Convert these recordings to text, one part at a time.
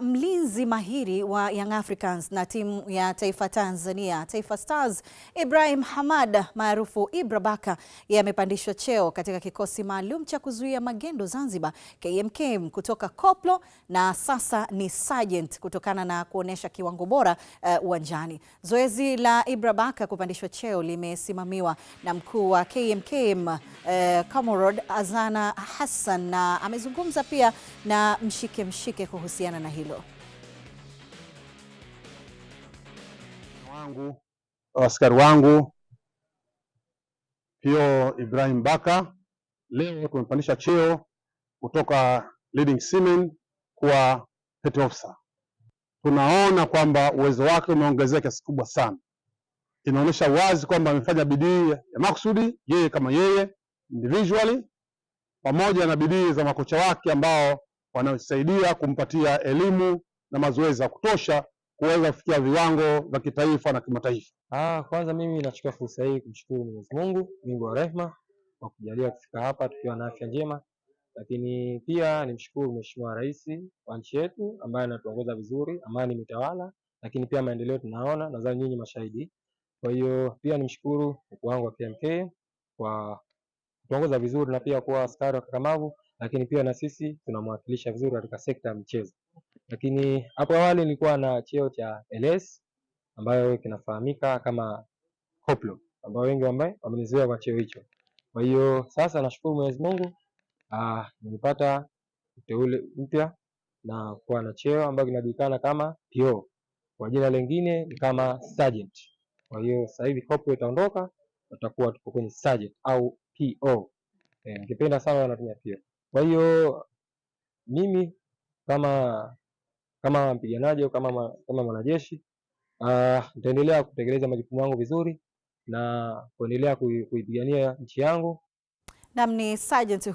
Mlinzi mahiri wa Young Africans na timu ya taifa Tanzania Taifa Stars Ibrahim Hamad maarufu Ibra Baka yamepandishwa cheo katika kikosi maalum cha kuzuia magendo Zanzibar KMKM kutoka koplo na sasa ni sergeant kutokana na kuonyesha kiwango bora eh, uwanjani. Uh, zoezi la Ibra Baka kupandishwa cheo limesimamiwa na mkuu wa KMKM eh, Azana Hassan na amezungumza pia na Mshike Mshike kuhusiana na hilo. wangu askari wangu Pio Ibrahim Baka, leo tumepandisha cheo kutoka leading seaman kuwa petty officer. Tunaona kwamba uwezo wake umeongezeka kiasi kubwa sana, inaonyesha wazi kwamba amefanya bidii ya makusudi yeye kama yeye individually pamoja na bidii za makocha wake ambao wanasaidia kumpatia elimu na mazoezi ya kutosha kuweza kufikia viwango vya kitaifa na kimataifa. Ah, kwanza mimi nachukua fursa hii kumshukuru Mwenyezi Mungu Mungu wa rehema kwa kujalia kufika hapa tukiwa na afya njema, lakini pia nimshukuru Mheshimiwa Rais wa nchi yetu ambaye anatuongoza vizuri, amani imetawala, lakini pia maendeleo tunaona, nadhani nyinyi mashahidi. Kwa hiyo pia nimshukuru mkuu wangu wa PMK kwa tunaongoza vizuri na pia kuwa askari wa kakamavu, lakini pia na sisi tunamwakilisha vizuri katika sekta ya michezo. Lakini hapo awali nilikuwa na cheo cha LS ambayo kinafahamika kama koplo, ambao wengi ambao wamenizoea kwa cheo hicho. Kwa hiyo sasa nashukuru Mwenyezi Mungu ah, nilipata uteule mpya na kuwa na cheo ambayo kinajulikana kama PO, kwa jina lingine ni kama sergeant. Kwa hiyo sasa hivi koplo itaondoka, tutakuwa tuko kwenye sergeant au PO. Eh. Nikipenda eh, sana wanatumia PO. Kwa hiyo mimi kama kama mpiganaji kama kama mwanajeshi ah, nitaendelea uh, kutekeleza majukumu yangu vizuri na kuendelea kuipigania nchi yangu. Nam ni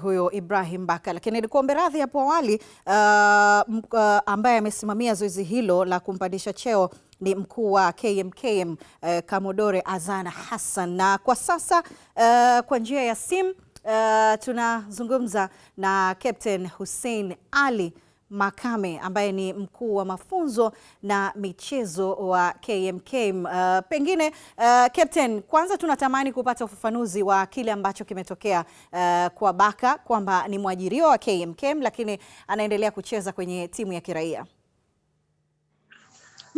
huyo Ibrahim Baka, lakini nilikuombe radhi hapo awali uh, uh, ambaye amesimamia zoezi hilo la kumpandisha cheo ni mkuu wa KMKM uh, eh, Kamodore Azana Hassan, na kwa sasa uh, kwa njia ya simu uh, tunazungumza na Captain Hussein Ali Makame ambaye ni mkuu wa mafunzo na michezo wa KMKM. Uh, pengine uh, Captain, kwanza tunatamani kupata ufafanuzi wa kile ambacho kimetokea uh, kwa Baka kwamba ni mwajiriwa wa KMKM lakini anaendelea kucheza kwenye timu ya kiraia.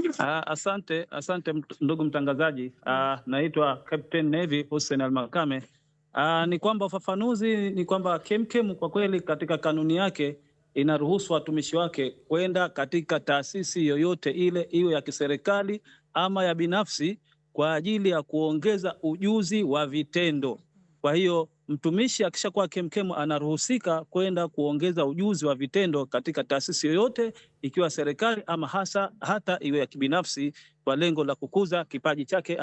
Uh, asante asante ndugu mtangazaji. uh, naitwa Captain Navy Hussein Almakame. Uh, ni kwamba ufafanuzi ni kwamba KEMKEM kwa kweli katika kanuni yake inaruhusu watumishi wake kwenda katika taasisi yoyote ile iwe ya kiserikali ama ya binafsi kwa ajili ya kuongeza ujuzi wa vitendo. Kwa hiyo mtumishi akishakuwa kemkemu anaruhusika kwenda kuongeza ujuzi wa vitendo katika taasisi yoyote, ikiwa serikali ama hasa hata iwe ya kibinafsi, kwa lengo la kukuza kipaji chake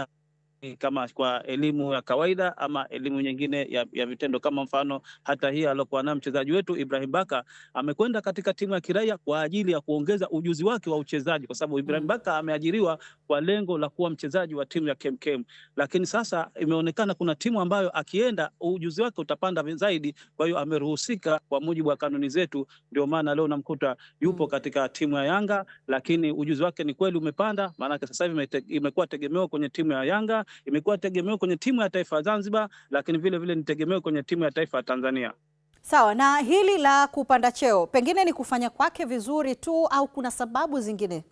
kama kwa elimu ya kawaida ama elimu nyingine ya, ya vitendo kama mfano hata hii aliyokuwa nayo mchezaji wetu Ibrahim Baka amekwenda katika timu ya kiraia kwa ajili ya kuongeza ujuzi wake wa uchezaji, kwa sababu Ibrahim mm. Baka ameajiriwa kwa lengo la kuwa mchezaji wa timu ya KMKM, lakini sasa imeonekana kuna timu ambayo akienda ujuzi wake utapanda zaidi. Kwa hiyo ameruhusika kwa mujibu wa kanuni zetu, ndio maana leo namkuta yupo mm. katika timu ya Yanga, lakini ujuzi wake ni kweli umepanda, maanake sasa hivi imekuwa tegemeo kwenye timu ya Yanga imekuwa tegemeo kwenye timu ya taifa ya Zanzibar, lakini vile vile ni tegemeo kwenye timu ya taifa ya Tanzania. Sawa, na hili la kupanda cheo pengine ni kufanya kwake vizuri tu au kuna sababu zingine?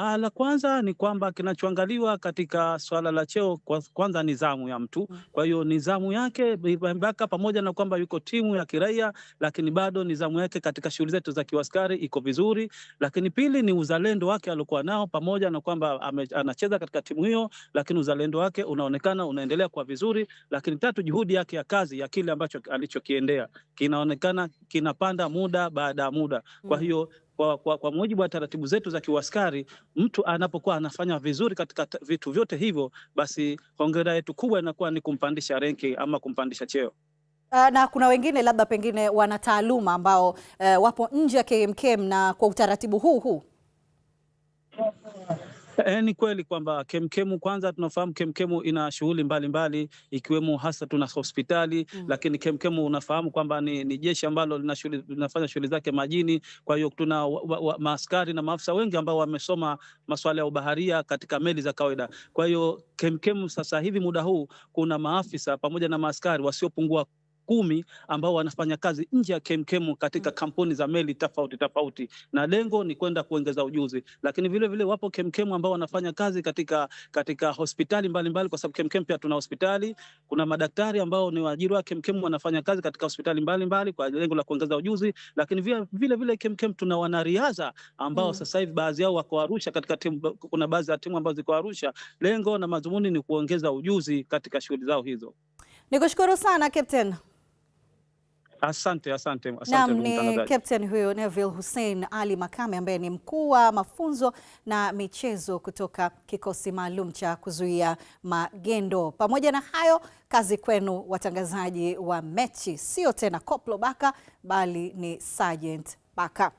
Ah, la kwanza ni kwamba kinachoangaliwa katika swala la cheo kwanza ni zamu ya mtu. Mm. Kwa hiyo zamu yake mpaka, pamoja na kwamba yuko timu ya kiraia, lakini bado ni zamu yake katika shughuli zetu za kiwaskari iko vizuri. Lakini pili ni uzalendo wake aliokuwa nao, pamoja na kwamba anacheza katika timu hiyo, lakini uzalendo wake unaonekana unaendelea kwa vizuri. Lakini tatu, juhudi yake ya kazi ya kile ambacho alichokiendea kinaonekana kinapanda muda baada ya muda, kwa mm. hiyo kwa, kwa, kwa mujibu wa taratibu zetu za kiwaskari mtu anapokuwa anafanya vizuri katika vitu vyote hivyo, basi hongera yetu kubwa inakuwa ni kumpandisha renki ama kumpandisha cheo ah, na kuna wengine labda pengine wana taaluma ambao uh, wapo nje ya KMKM na kwa utaratibu huu huu E, ni kweli kwamba KemKemu kwanza tunafahamu KemKemu ina shughuli mbalimbali ikiwemo hasa tuna hospitali mm. Lakini KemKemu unafahamu kwamba ni, ni jeshi ambalo linafanya shughuli zake majini. Kwa hiyo tuna maaskari na maafisa wengi ambao wamesoma masuala ya ubaharia katika meli za kawaida. Kwa hiyo KemKemu sasa hivi muda huu kuna maafisa pamoja na maaskari wasiopungua kumi ambao wanafanya kazi nje ya kemkemu katika mm. kampuni za meli tofauti tofauti, na lengo ni kwenda kuongeza ujuzi. Lakini vile vile wapo kemkemu ambao wanafanya kazi katika katika hospitali mbalimbali kwa sababu kemkemu pia tuna hospitali. Kuna madaktari ambao ni waajiri wa kemkemu wanafanya kazi katika hospitali mbalimbali kwa lengo la kuongeza ujuzi. Lakini vile vile, vile kemkemu tuna wanariadha ambao mm. sasa hivi baadhi yao wako Arusha katika timu, kuna baadhi ya timu ambazo ziko Arusha. Lengo na madhumuni ni kuongeza ujuzi katika shughuli zao hizo. Nikushukuru sana Captain. Asante, asante, asante. Naam, ni Captain huyo Neville Hussein Ali Makame ambaye ni mkuu wa mafunzo na michezo kutoka kikosi maalum cha kuzuia magendo. Pamoja na hayo, kazi kwenu watangazaji wa mechi, sio tena Koplo Baka bali ni Sergeant Baka.